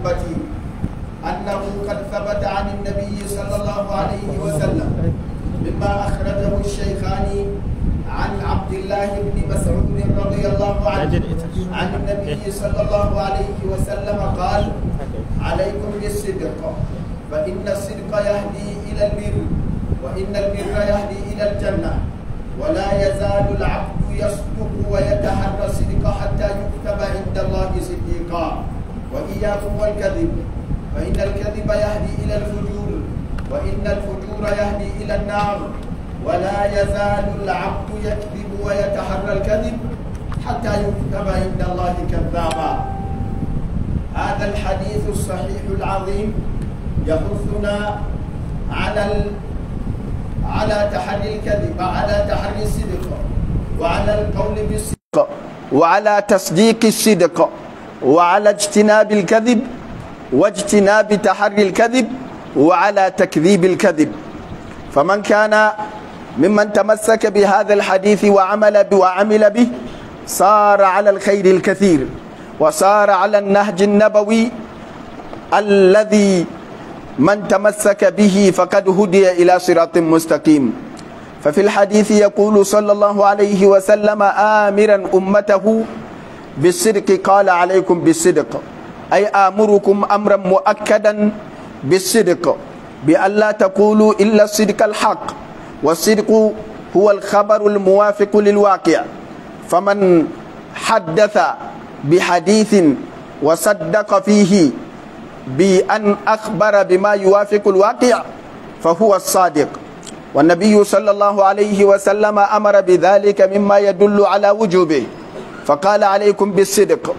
أحبتي أنه قد ثبت عن النبي صلى الله عليه وسلم مما أخرجه الشيخان عن عبد الله بن مسعود رضي الله عنه عن النبي صلى الله عليه وسلم قال عليكم بالصدق فإن الصدق يهدي إلى البر وإن البر يهدي إلى الجنة ولا يزال العبد يصدق ويتحرى الصدق حتى يكتب عند الله صديقا وإياكم والكذب فإن الكذب يهدي إلى الفجور وإن الفجور يهدي إلى النار ولا يزال العبد يكذب ويتحرى الكذب حتى يكتب عند الله كذابا هذا الحديث الصحيح العظيم يحثنا على ال... على تحري الكذب على تحري الصدق وعلى القول بالصدق وعلى تصديق الصدق وعلى اجتناب الكذب واجتناب تحري الكذب وعلى تكذيب الكذب فمن كان ممن تمسك بهذا الحديث وعمل به وعمل به صار على الخير الكثير وصار على النهج النبوي الذي من تمسك به فقد هدي إلى صراط مستقيم ففي الحديث يقول صلى الله عليه وسلم آمرا أمته بالصدق قال عليكم بالصدق أي آمركم أمرا مؤكدا بالصدق بأن لا تقولوا إلا الصدق الحق والصدق هو الخبر الموافق للواقع فمن حدث بحديث وصدق فيه بأن أخبر بما يوافق الواقع فهو الصادق والنبي صلى الله عليه وسلم أمر بذلك مما يدل على وجوبه فقال عليكم بالصدق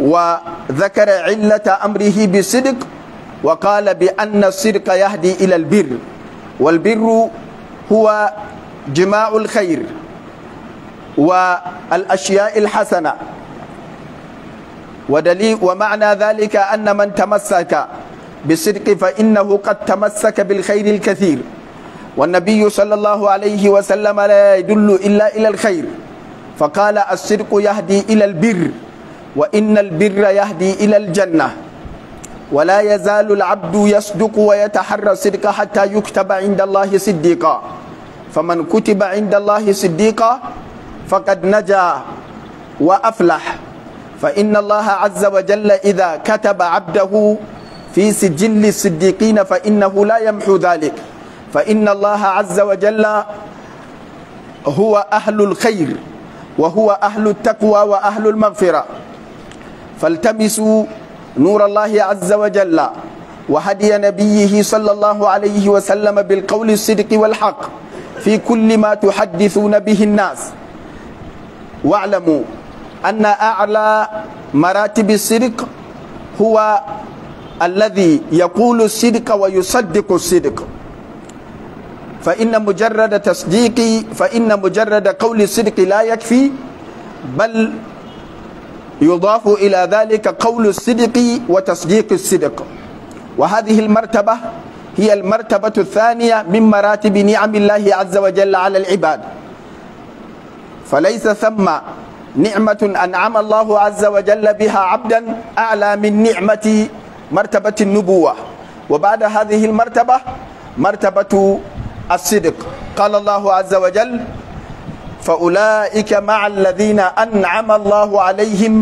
وذكر علة أمره بالصدق وقال بأن الصدق يهدي إلى البر والبر هو جماع الخير والأشياء الحسنة ودليل ومعنى ذلك أن من تمسك بالصدق فإنه قد تمسك بالخير الكثير والنبي صلى الله عليه وسلم لا يدل إلا إلى الخير فقال الصدق يهدي إلى البر وإن البر يهدي إلى الجنة ولا يزال العبد يصدق ويتحرى الصدق حتى يكتب عند الله صديقا فمن كتب عند الله صديقا فقد نجا وأفلح فإن الله عز وجل إذا كتب عبده في سجل الصديقين فإنه لا يمحو ذلك فإن الله عز وجل هو أهل الخير وهو أهل التقوى وأهل المغفرة فالتمسوا نور الله عز وجل وهدي نبيه صلى الله عليه وسلم بالقول الصدق والحق في كل ما تحدثون به الناس واعلموا أن أعلى مراتب الصدق هو الذي يقول الصدق ويصدق الصدق فإن مجرد تصديقي فإن مجرد قول الصدق لا يكفي بل يضاف إلى ذلك قول الصدق وتصديق الصدق وهذه المرتبة هي المرتبة الثانية من مراتب نعم الله عز وجل على العباد فليس ثم نعمة أنعم الله عز وجل بها عبدا أعلى من نعمة مرتبة النبوة وبعد هذه المرتبة مرتبة الصدق قال الله عز وجل فأولئك مع الذين أنعم الله عليهم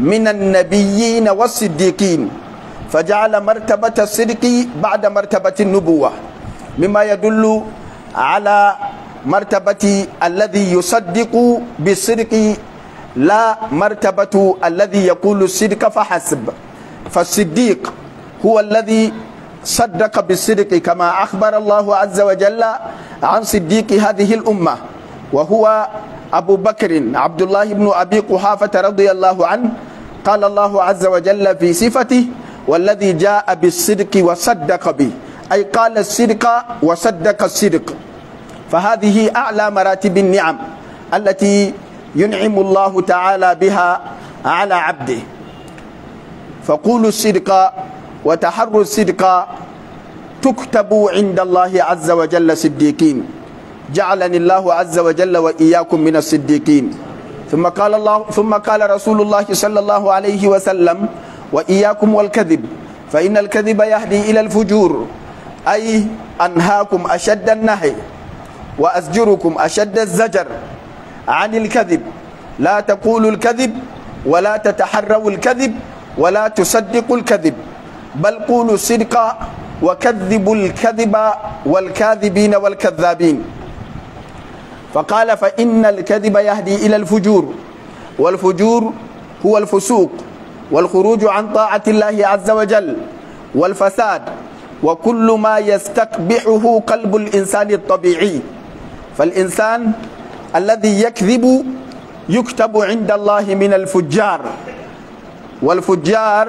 من النبيين والصديقين فجعل مرتبة الصدق بعد مرتبة النبوة مما يدل على مرتبة الذي يصدق بالصدق لا مرتبة الذي يقول الصدق فحسب فالصديق هو الذي صدق بالصدق كما أخبر الله عز وجل عن صديق هذه الأمة وهو أبو بكر عبد الله بن أبي قحافة رضي الله عنه قال الله عز وجل في صفته والذي جاء بالصدق وصدق به أي قال الصدق وصدق الصدق فهذه أعلى مراتب النعم التي ينعم الله تعالى بها على عبده فقولوا الصدق وتحروا الصدق تكتب عند الله عز وجل صديقين جعلني الله عز وجل وإياكم من الصديقين ثم قال الله ثم قال رسول الله صلى الله عليه وسلم وإياكم والكذب فإن الكذب يهدي إلى الفجور أي أنهاكم أشد النهي وأزجركم أشد الزجر عن الكذب لا تقولوا الكذب ولا تتحروا الكذب ولا تصدقوا الكذب بل قولوا الصدق وكذبوا الكذب والكاذبين والكذابين فقال فإن الكذب يهدي إلى الفجور والفجور هو الفسوق والخروج عن طاعة الله عز وجل والفساد وكل ما يستقبحه قلب الإنسان الطبيعي فالإنسان الذي يكذب يكتب عند الله من الفجار والفجار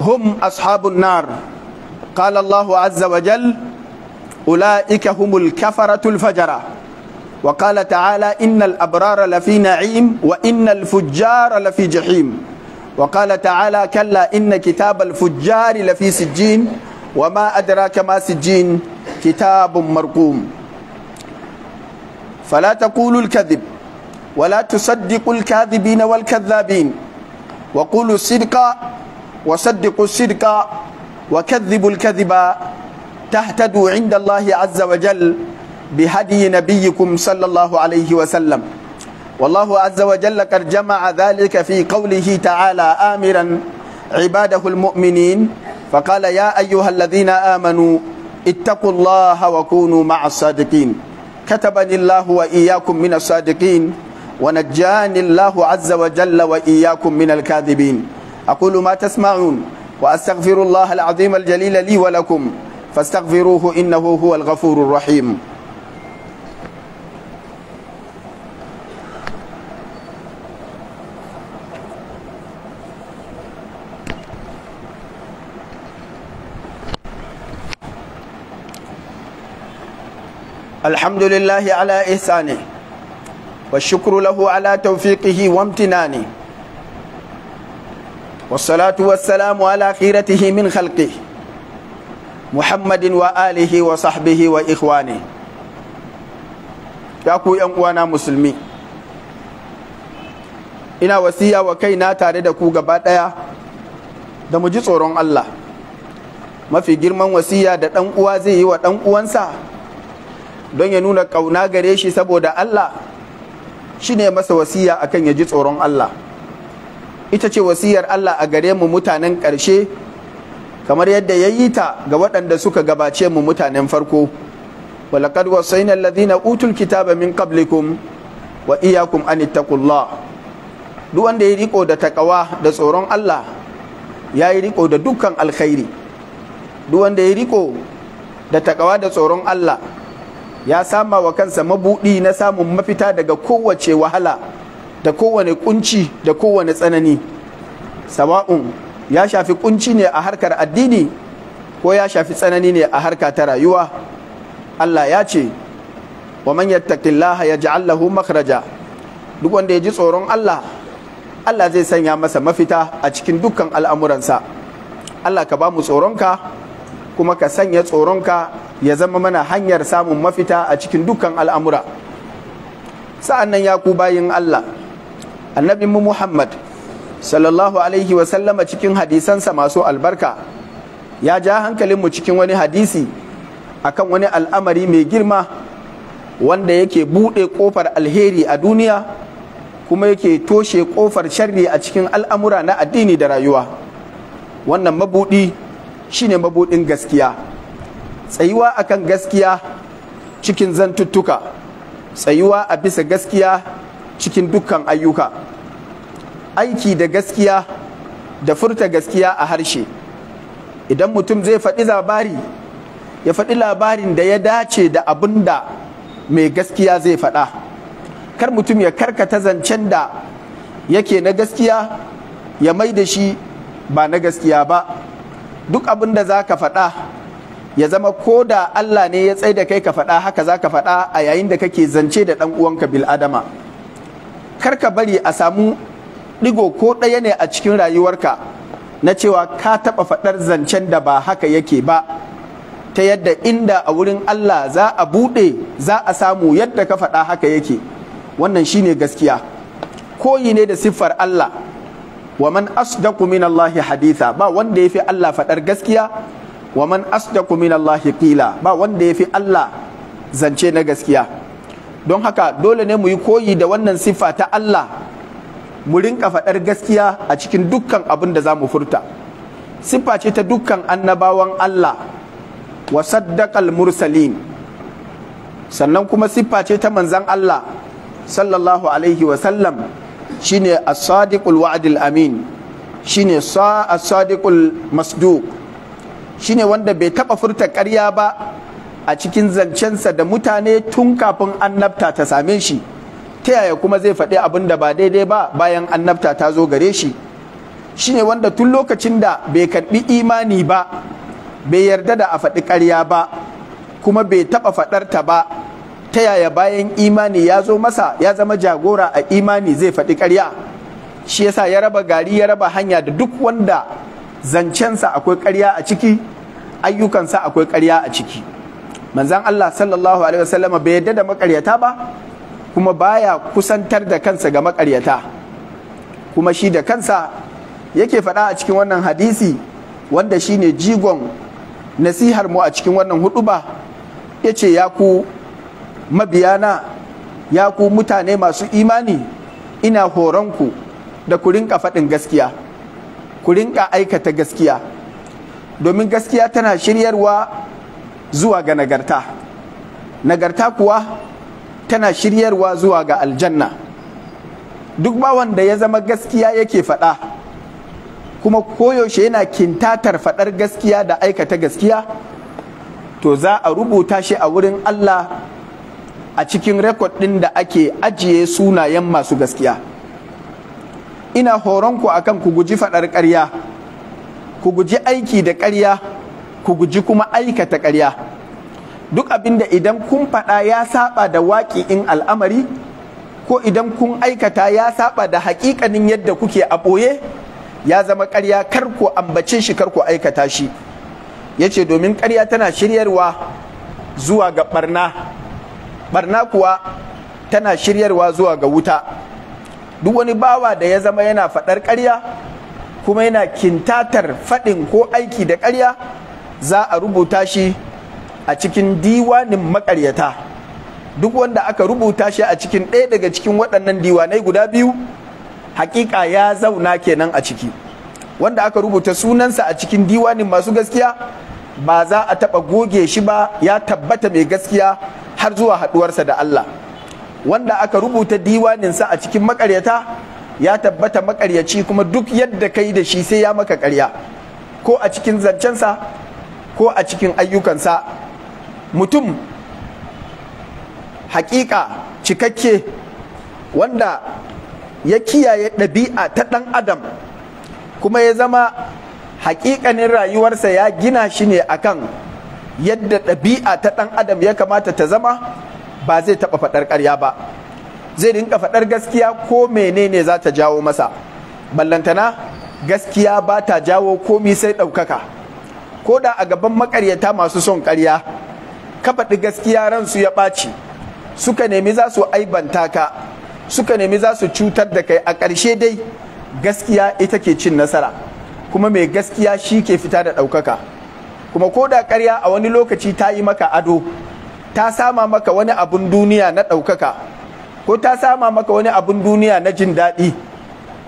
هم أصحاب النار قال الله عز وجل أولئك هم الكفرة الفجرة وقال تعالى إن الأبرار لفي نعيم وإن الفجار لفي جحيم وقال تعالى كلا إن كتاب الفجار لفي سجين وما أدراك ما سجين كتاب مرقوم فلا تقولوا الكذب ولا تصدقوا الكاذبين والكذابين وقولوا الصدق وصدقوا الصدق وكذبوا الكذب تهتدوا عند الله عز وجل بهدي نبيكم صلى الله عليه وسلم والله عز وجل قد جمع ذلك في قوله تعالى آمرا عباده المؤمنين فقال يا أيها الذين آمنوا اتقوا الله وكونوا مع الصادقين كتبني الله وإياكم من الصادقين ونجاني الله عز وجل وإياكم من الكاذبين أقول ما تسمعون وأستغفر الله العظيم الجليل لي ولكم فاستغفروه إنه هو الغفور الرحيم الحمد لله على إحسانه والشكر له على توفيقه وامتنانه والصلاة والسلام على خيرته من خلقه محمد وآله وصحبه وإخوانه ya ku ‘yan uwana musulmi ina wasiya wa kaina tare da ku gaba ɗaya da mu ji tsoron Allah mafi girman wasiya da ɗan uwa zai yi wa ɗan uwansa don ya nuna ƙauna gare shi saboda Allah shine masa wasiya akan ya ji tsoron Allah ita ce wasiyar Allah a gare mu mutanen ƙarshe kamar yadda ya yi ta ga waɗanda suka gabace mu mutanen farko walaqad wasayna na utul kitaba min kablikum wa iyyakum an ittaqullah duk wanda ya riko da takawa da tsoron Allah ya yi riko da dukkan alkhairi duk wanda ya riko da takawa da tsoron Allah ya sama wa kansa mabudi na samun mafita daga kowace wahala da kowane kunci da kowane tsanani sawa'un ya shafi kunci ne a harkar addini ko ya shafi tsanani ne a harka ta rayuwa Allah ya ce wa man yattaqillaha yaj'al lahu makhraja duk wanda ya ji tsoron Allah Allah zai sanya masa mafita a cikin dukkan al'amuransa Allah ka ba mu tsoronka kuma ka sanya tsoronka ya zama mana hanyar samun mafita a cikin dukkan al'amura sa'annan ya ku bayin Allah annabi muhammad sallallahu alaihi wasallama cikin hadisansa masu albarka ya ja hankalin mu cikin wani hadisi akan wani al'amari mai girma wanda yake buɗe ƙofar alheri a duniya kuma yake toshe ƙofar sharri a cikin al'amura na addini da rayuwa wannan mabuɗi shine mabuɗin gaskiya tsayuwa akan gaskiya cikin zantuttuka tsayuwa a bisa gaskiya cikin dukkan ayyuka aiki da gaskiya da furta gaskiya a harshe idan mutum zai faɗi labari ya faɗi labarin da ya dace da abin da mai gaskiya zai faɗa kar mutum ya karkata zancen da yake na gaskiya ya mai da shi ba na gaskiya ba duk abin da za ka faɗa ya zama ko da Allah ne ya tsaye da kai ka faɗa haka za ka faɗa a yayin da kake zance da ɗan uwanka bil'adama karka bari a samu ɗigo ko ɗaya ne a cikin rayuwarka na cewa ka taɓa faɗar zancen da ba haka yake ba ta yadda inda a wurin Allah za a buɗe za a samu yadda ka faɗa haka yake wannan shi ne gaskiya koyi ne da siffar Allah wa man asdaqu min Allah haditha ba wanda ya fi Allah faɗar gaskiya wa man asdaqu min Allah qila ba wanda ya fi Allah zance na gaskiya don haka dole ne mu yi koyi da wannan siffa ta Allah mu rinka faɗar gaskiya a cikin dukkan abin da za mu furta siffa ce ta dukkan annabawan Allah wa saddaqal mursalin sannan kuma siffa ce ta manzan Allah sallallahu alaihi wa sallam shine as-sadiqul wa'dil amin shine as-sadiqul masduq shine wanda bai taɓa furta ƙarya ba a cikin zancensa da mutane tun kafin annabta ta same shi ta yaya kuma zai faɗi abin da ba daidai ba bayan annabta ta zo gare shi shine wanda tun lokacin da bai karɓi imani ba bai yarda da a faɗi karya ba kuma bai taɓa faɗar ta ba ta yaya bayan imani ya zo masa ya zama jagora a imani zai faɗi karya? shi yasa ya raba gari ya raba hanya da duk wanda zancensa akwai karya a ciki ayyukansa akwai karya a ciki manzan Allah sallallahu alaihi wasallam bai yadda da makaryata ba kuma baya kusantar da kansa ga makaryata kuma shi da kansa yake faɗa a cikin wannan hadisi wanda shi ne jigon nasihar mu a cikin wannan huduba ya ce ya ku mabiyana ya ku mutane masu imani ina horonku da ku rinka faɗin gaskiya ku rinka aikata gaskiya domin gaskiya tana shiryarwa zuwa ga nagarta nagarta kuwa tana shiryarwa zuwa ga aljanna duk bawan da ya zama gaskiya yake faɗa kuma koyaushe yana kintatar faɗar gaskiya da aikata gaskiya to za a rubuta shi a wurin Allah a cikin rekod ɗin da ake ajiye sunayen masu gaskiya ina horonku akan ku guji faɗar ƙarya ku guji aiki da ƙarya ku guji kuma aikata ƙarya duk abinda idan kun faɗa ya saba da waƙi in al'amari ko idan kun aikata ya saba da haƙiƙanin yadda kuke a ɓoye ya zama ƙarya kar ku ambace shi kar ku aikata shi ya ce domin ƙarya tana shiryarwa zuwa ga ɓarna ɓarna kuwa tana shiryarwa zuwa ga wuta duk wani bawa da ya zama yana faɗar ƙarya kuma yana kintatar faɗin ko aiki da ƙarya za a rubuta shi a cikin diwanin makaryata duk wanda aka rubuta shi a cikin ɗaya daga cikin waɗannan diwanai guda biyu hakika ya zauna kenan a ciki wanda aka rubuta sunansa a cikin diwanin masu gaskiya ba za a taɓa goge shi ba ya tabbata mai gaskiya har zuwa haɗuwarsa da Allah wanda aka rubuta diwaninsa a cikin makaryata ya tabbata makaryaci kuma duk yadda kai da shi sai ya maka karya ko a cikin zancensa ko a cikin ayyukansa mutum hakika cikakke wanda ya kiyaye ɗabi'a ta ɗan adam kuma ya zama hakikanin rayuwarsa ya gina shi ne akan yadda ɗabi'a ta ɗan adam ya kamata ta zama ba zai taɓa faɗar ƙarya ba zai rinƙa faɗar gaskiya ko menene za ta jawo masa ballantana gaskiya ba ta jawo komi sai ɗaukaka ko da a gaban makaryata masu son karya ka faɗi gaskiya ransu ya ɓaci suka nemi za su aibanta ka suka nemi za su cutar da kai a ƙarshe dai gaskiya ita ke cin nasara kuma mai gaskiya shi ke fita da ɗaukaka kuma ko da ƙarya a wani lokaci ta yi maka ado ta sama maka wani abun duniya na ɗaukaka ko ta sama maka wani abun duniya na jin daɗi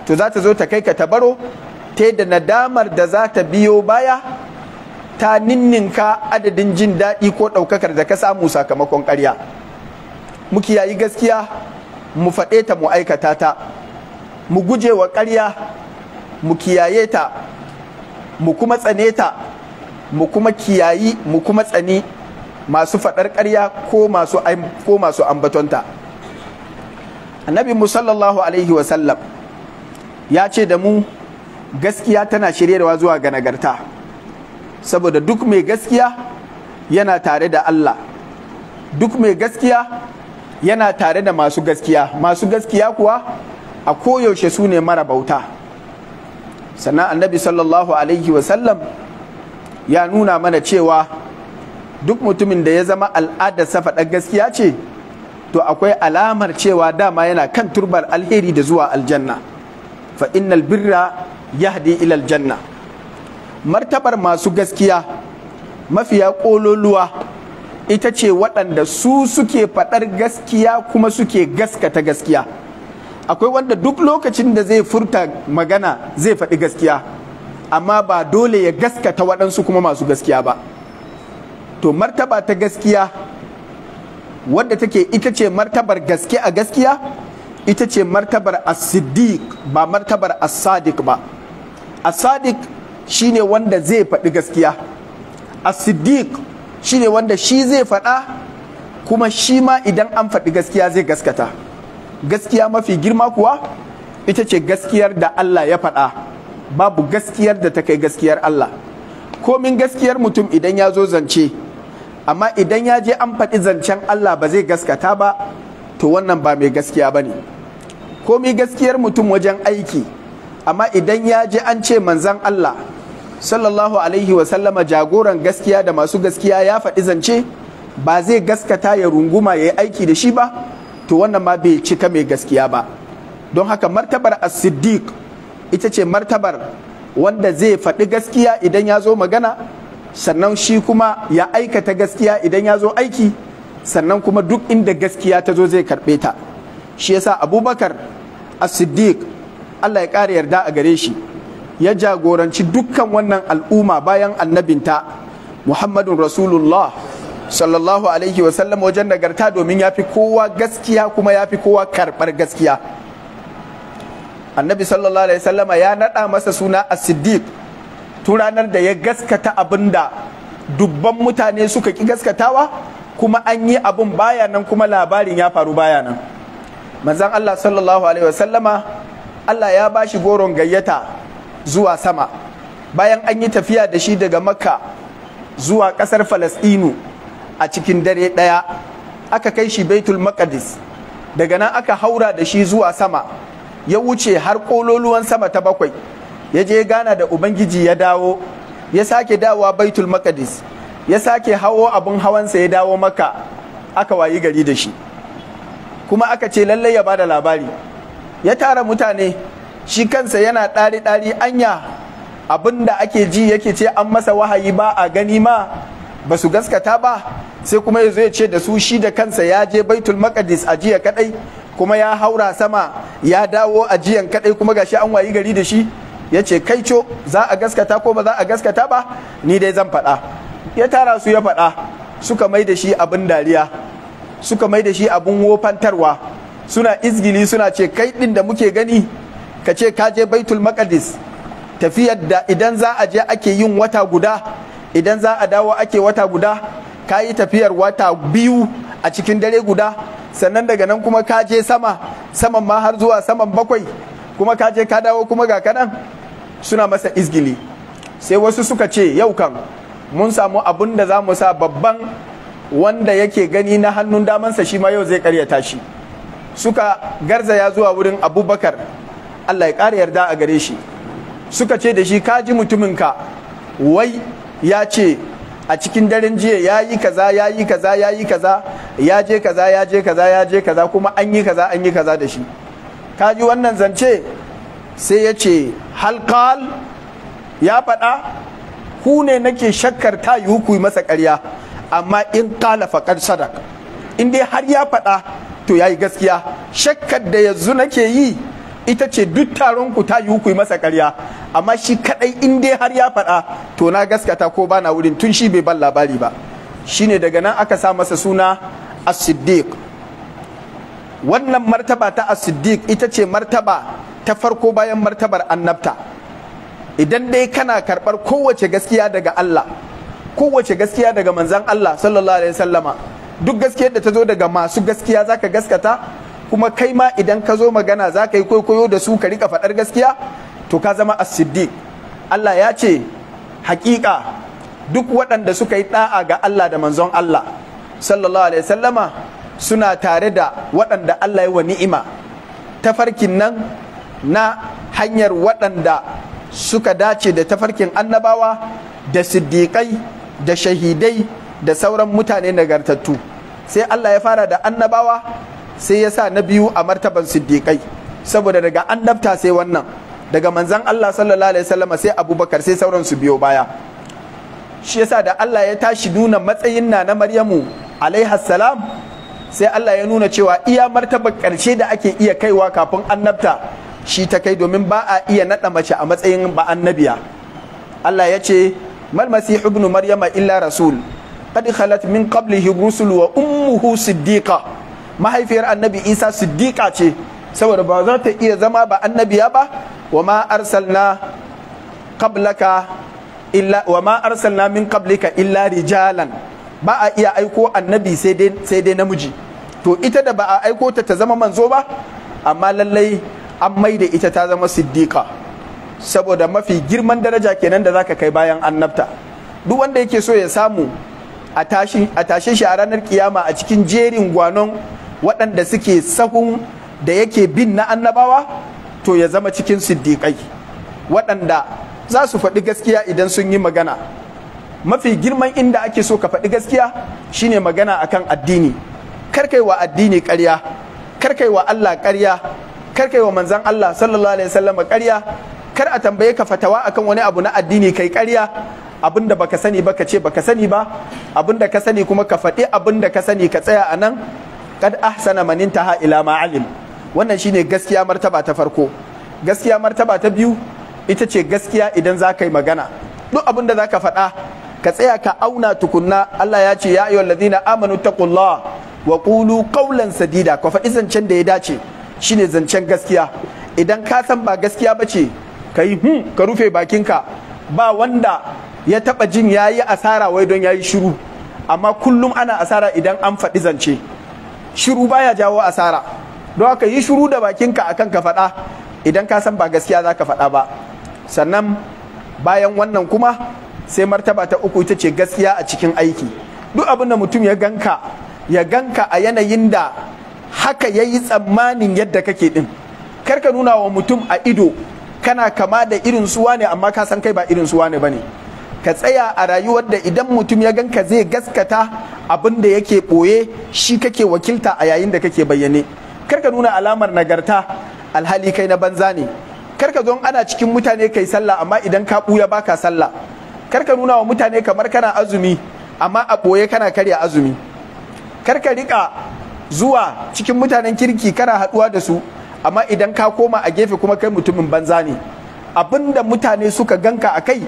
to za ta zo ta kai ka tabaro ta da nadamar da za ta biyo baya ta ninninka adadin jin daɗi ko ɗaukakar da ka samu sakamakon ƙarya mu kiyayi gaskiya mu faɗe ta mu aikata ta mu guje wa ƙarya mu kiyaye ta mu kuma tsane ta mu kuma kiyayi mu kuma tsani masu faɗar ƙarya ko masu ambatonta annabi mu sallallahu alaihi wasallam ya ce da mu gaskiya tana shiryarwa zuwa ga nagarta saboda duk mai gaskiya yana tare da Allah duk mai gaskiya yana tare da masu gaskiya masu gaskiya kuwa a koyaushe su ne mara bauta sannan annabi sallallahu alaihi wasallam ya nuna mana cewa duk mutumin da ya zama al'adarsa safaɗar gaskiya ce to akwai alamar cewa dama yana kan turbar alheri da zuwa aljanna fa innal birra yahdi ilal janna. martabar masu gaskiya mafiya ƙololuwa ita ce waɗanda su suke faɗar gaskiya kuma suke gaskata gaskiya akwai wanda duk lokacin da zai furta magana zai faɗi gaskiya amma ba dole ya gaskata waɗansu kuma masu gaskiya ba to martaba ta gaskiya wadda take ita ce martabar gaske a gaskiya ita ce martabar as-siddiq ba martabar as-sadiq ba as-sadiq shine wanda zai faɗi gaskiya as-siddiq shine wanda shi zai faɗa kuma shi ma idan an faɗi gaskiya zai gaskata gaskiya mafi girma kuwa ita ce gaskiyar da Allah ya faɗa babu gaskiyar da ta kai gaskiyar Allah komin gaskiyar mutum idan ya zo zance amma idan ya je an faɗi zancen Allah ba zai gaskata ba to wannan ba mai gaskiya ba ne komi gaskiyar mutum wajen aiki amma idan ya je an ce manzan Allah sallallahu alaihi wasallama jagoran gaskiya da masu gaskiya ya faɗi zance ba zai gaskata ya runguma ya yi aiki da shi ba to wannan ma bai cika mai gaskiya ba don haka martabar as-siddiq ita ce martabar wanda zai faɗi gaskiya idan ya zo magana sannan shi kuma ya aikata gaskiya idan ya zo aiki sannan kuma duk inda gaskiya ta zo zai karɓe ta shi yasa abubakar as-siddiq allah ya ƙara yarda a gare shi ya jagoranci dukkan wannan al'umma bayan annabinta muhammadun rasulullah sallallahu alaihi wasallam wajen nagarta domin ya fi kowa gaskiya kuma ya fi kowa karɓar gaskiya annabi sallallahu alaihi wasallama ya naɗa masa suna as-siddiq tun ranar da ya gaskata abin da dubban mutane suka ki gaskatawa kuma an yi abin baya nan kuma labarin ya faru baya nan manzon Allah sallallahu alaihi wasallama Allah ya bashi goron gayyata zuwa sama bayan an yi tafiya da shi daga makka zuwa ƙasar falasɗinu a cikin dare ɗaya aka kai shi baitul maqdis daga nan aka haura da shi zuwa sama ya wuce har ƙololuwan sama ta bakwai ya je gana da ubangiji ya dawo ya sake dawowa baitul maqdis ya sake hawo abin hawansa ya dawo maka aka wayi gari da shi kuma aka ce lallai ya bada labari ya tara mutane shi kansa yana ɗari ɗari anya da ake ji yake ce an masa wahayi ba a gani ma ba su gaskata ba sai kuma ya zo ya ce da su shi da kansa ya je baitul maqdis a jiya kadai kuma ya haura sama ya dawo a jiyan kadai kuma gashi an wayi gari da shi ya ce kai co za a gaskata ko ba za a gaskata ba ni dai zan faɗa ya tara su ya faɗa suka mai da shi abin dariya suka mai da shi abin wofantarwa suna izgili suna ce kai ɗin da muke gani ka ce ka je baitul maqdis tafiyar da idan za a je ake yin wata guda idan za a dawo ake wata guda ka yi tafiyar wata biyu a cikin dare guda sannan daga nan kuma ka je sama saman ma har zuwa saman bakwai kuma ka je ka dawo kuma ga kanan suna masa izgili sai wasu suka ce yau kan mun samu abun da za mu sa babban wanda yake gani na hannun damansa shi ma yau zai karyata shi suka garzaya zuwa wurin abubakar Allah ya ƙara yarda a gare shi suka ce da shi ka ji mutuminka wai ya ce a cikin daren jiya ya yi kaza ya yi kaza ya yi kaza ya je kaza ya je kaza ya je kaza kuma an yi kaza an yi kaza da shi ka ji wannan zance sai ya ce halkal ya faɗa ku ne nake shakkar ta yi hukui masa ƙarya amma in kala faƙar sadak in dai har ya faɗa to ya yi gaskiya shakkar da yanzu nake yi ita ce duk taron ku ta yi ku yi masa karya amma shi kadai in dai har ya faɗa to na gaskata ko bana na wurin tun shi bai ban labari ba shine daga nan aka sa masa suna as-siddiq wannan martaba ta as-siddiq ita ce martaba ta farko bayan martabar annabta idan dai kana karɓar kowace gaskiya daga Allah kowace gaskiya daga manzan Allah sallallahu alaihi wasallama duk gaskiyar da ta zo daga masu gaskiya zaka gaskata kuma kai ma idan ka zo magana za ka yi kwaikwayo da su ka rika faɗar gaskiya to ka zama as-siddiq Allah ya ce hakika duk waɗanda suka yi ɗa'a ga Allah da manzon Allah sallallahu alaihi sallama suna tare da waɗanda Allah ya wa ni'ima tafarkin nan na hanyar waɗanda suka dace da tafarkin annabawa da siddiƙai da shahidai da sauran mutane nagartattu sai Allah ya fara da annabawa sai ya sa na biyu a martaban siddiƙai saboda daga annabta sai wannan daga manzan Allah sallallahu alaihi wasallam sai Abubakar sai sauran su biyo baya shi yasa da Allah ya tashi nuna matsayin na na Maryamu alaiha salam sai Allah ya nuna cewa iya martabar ƙarshe da ake iya kaiwa kafin annabta shi ta kai domin ba a iya naɗa mace a matsayin ba annabiya Allah ya ce mal masihu ibnu maryama illa rasul qad khalat min qablihi rusul wa ummuhu siddiqa mahaifiyar annabi isa siddiqa ce saboda ba za ta iya zama ba annabiya ba wa ma arsalna qablaka illa wa ma arsalna min qablika illa rijalan ba a iya aiko annabi sai dai namiji to ita da ba a aiko ta ta zama manzo ba amma lallai an mai da ita ta zama siddiqa saboda mafi girman daraja kenan da zaka kai bayan annabta duk wanda yake so ya samu a tashe shi a ranar kiyama a cikin jerin gwanon waɗanda suke sahun da yake bin na annabawa to ya zama cikin siddiƙai waɗanda za su faɗi gaskiya idan sun yi magana mafi girman inda ake so ka faɗi gaskiya shine magana akan addini karkai wa addini ƙarya karkai wa Allah ƙarya karkai wa manzan Allah sallallahu alaihi wasallam ƙarya kar a tambaye ka fatawa akan wani abu na addini kai ƙarya abin da baka sani ba ka ce baka sani ba abin ka sani kuma ka faɗi abin ka sani ka tsaya a nan kad ahsana man intaha ila ma alim wannan shine gaskiya martaba ta farko gaskiya martaba ta biyu ita ce gaskiya idan za ka yi magana duk abin da za ka faɗa ka tsaya ka auna tukunna Allah ya ce ya ayyuhal ladina amanu kullawa wa qulu qawlan sadida ka faɗi zancen da ya dace shine zancen gaskiya idan ka san ba gaskiya bace ka yi hmm ka rufe bakinka ba wanda ya taɓa jin ya yi asara wai don yayi shiru amma kullum ana asara idan an faɗi zance shiru baya jawo asara don haka yi shiru da bakinka akan ka faɗa idan ka san ba gaskiya za ka faɗa ba sannan bayan wannan kuma sai martaba ta uku ita ce gaskiya a cikin aiki duk abin da mutum ya ganka ya ganka a yanayin da haka ya yi tsammanin yadda kake din karka nuna wa mutum a ido kana kama da irin suwa ne amma ka san kai ba irin suwa ne ba ne ka tsaya a rayuwar da idan mutum ya gan ka zai gaskata abin da yake ɓoye shi kake wakilta a yayin da kake bayyane kar ka nuna alamar nagarta alhali kai na banza ne kar ka zo ana cikin mutane kai sallah amma idan ka ɓuya baka sallah kar ka nuna wa mutane kamar kana azumi amma a ɓoye kana karya azumi kar ka riƙa zuwa cikin mutanen kirki kana haɗuwa da su amma idan ka koma a gefe kuma kai mutumin banza ne abin da mutane suka ganka a kai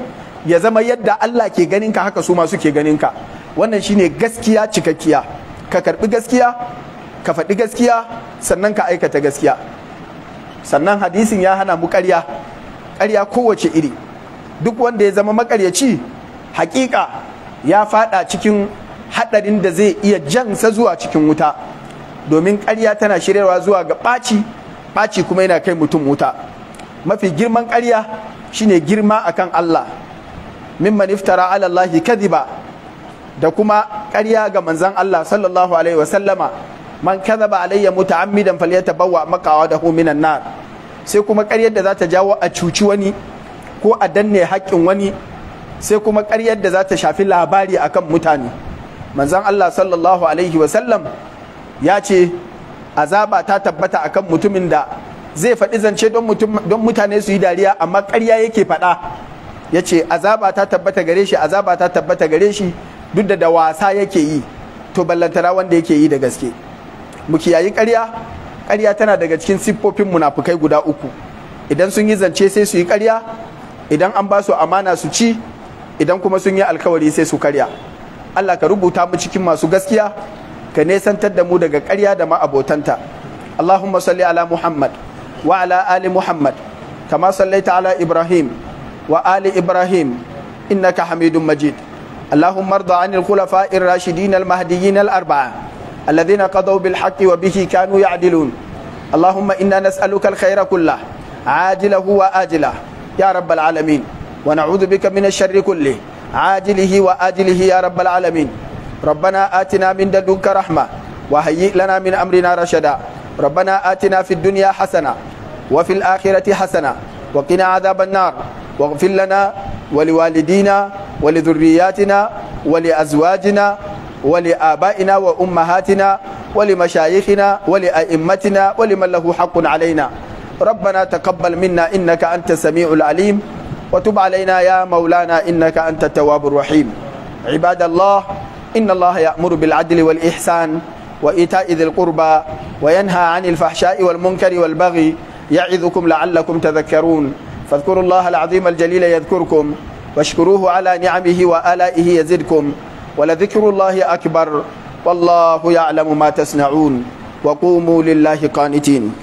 ya zama yadda Allah ke ganinka, haka su masu ke ganin ka wannan shine gaskiya cikakkiya ka karbi gaskiya ka faɗi gaskiya sannan ka aikata gaskiya sannan hadisin ya hana mu ƙarya ƙarya kowace iri duk wanda ya zama makaryaci haƙiƙa ya faɗa cikin haɗarin da zai iya jansa zuwa cikin wuta domin ƙarya tana shiryarwa zuwa ga ɓaci ɓaci kuma yana kai mutum wuta mafi girman ƙarya shine girma akan Allah mimman iftara ala kadiba da kuma ƙarya ga manzon Allah sallallahu alaihi wa sallama man kadhaba alayya muta'ammidan makawa da minan nar sai kuma ƙaryar da za ta jawo a cuci wani ko a danne haƙƙin wani sai kuma ƙaryar da za ta shafi labari akan mutane Manzan Allah sallallahu alaihi wa sallam ya ce azaba ta tabbata akan mutumin da zai faɗi zance don mutane su yi dariya amma ƙarya yake faɗa ya ce azaba ta tabbata gare shi azaba ta tabbata gare shi duk da da wasa yake yi to ballantana wanda yake yi da gaske mu kiyayi ƙarya ƙarya tana daga cikin siffofin munafukai guda uku idan sun yi zance sai su yi ƙarya idan an ba su amana su ci idan kuma sun yi alkawari sai su karya Allah ka rubuta mu cikin masu gaskiya ka nesantar da mu daga ƙarya da ma abotanta Allahumma salli ala Muhammad wa ala ali Muhammad kama sallaita ala Ibrahim وآل إبراهيم إنك حميد مجيد اللهم ارض عن الخلفاء الراشدين المهديين الأربعة الذين قضوا بالحق وبه كانوا يعدلون اللهم إنا نسألك الخير كله عاجله وآجله يا رب العالمين ونعوذ بك من الشر كله عاجله وآجله يا رب العالمين ربنا آتنا من لدنك رحمة وهيئ لنا من أمرنا رشدا ربنا آتنا في الدنيا حسنة وفي الآخرة حسنة وقنا عذاب النار واغفر لنا ولوالدينا ولذرياتنا ولأزواجنا ولآبائنا وأمهاتنا ولمشايخنا ولأئمتنا ولمن له حق علينا ربنا تقبل منا إنك أنت السميع العليم وتب علينا يا مولانا إنك أنت التواب الرحيم عباد الله إن الله يأمر بالعدل والإحسان وإيتاء ذي القربى وينهى عن الفحشاء والمنكر والبغي يعظكم لعلكم تذكرون فاذكروا الله العظيم الجليل يذكركم واشكروه على نعمه وآلائه يزدكم ولذكر الله أكبر والله يعلم ما تصنعون وقوموا لله قانتين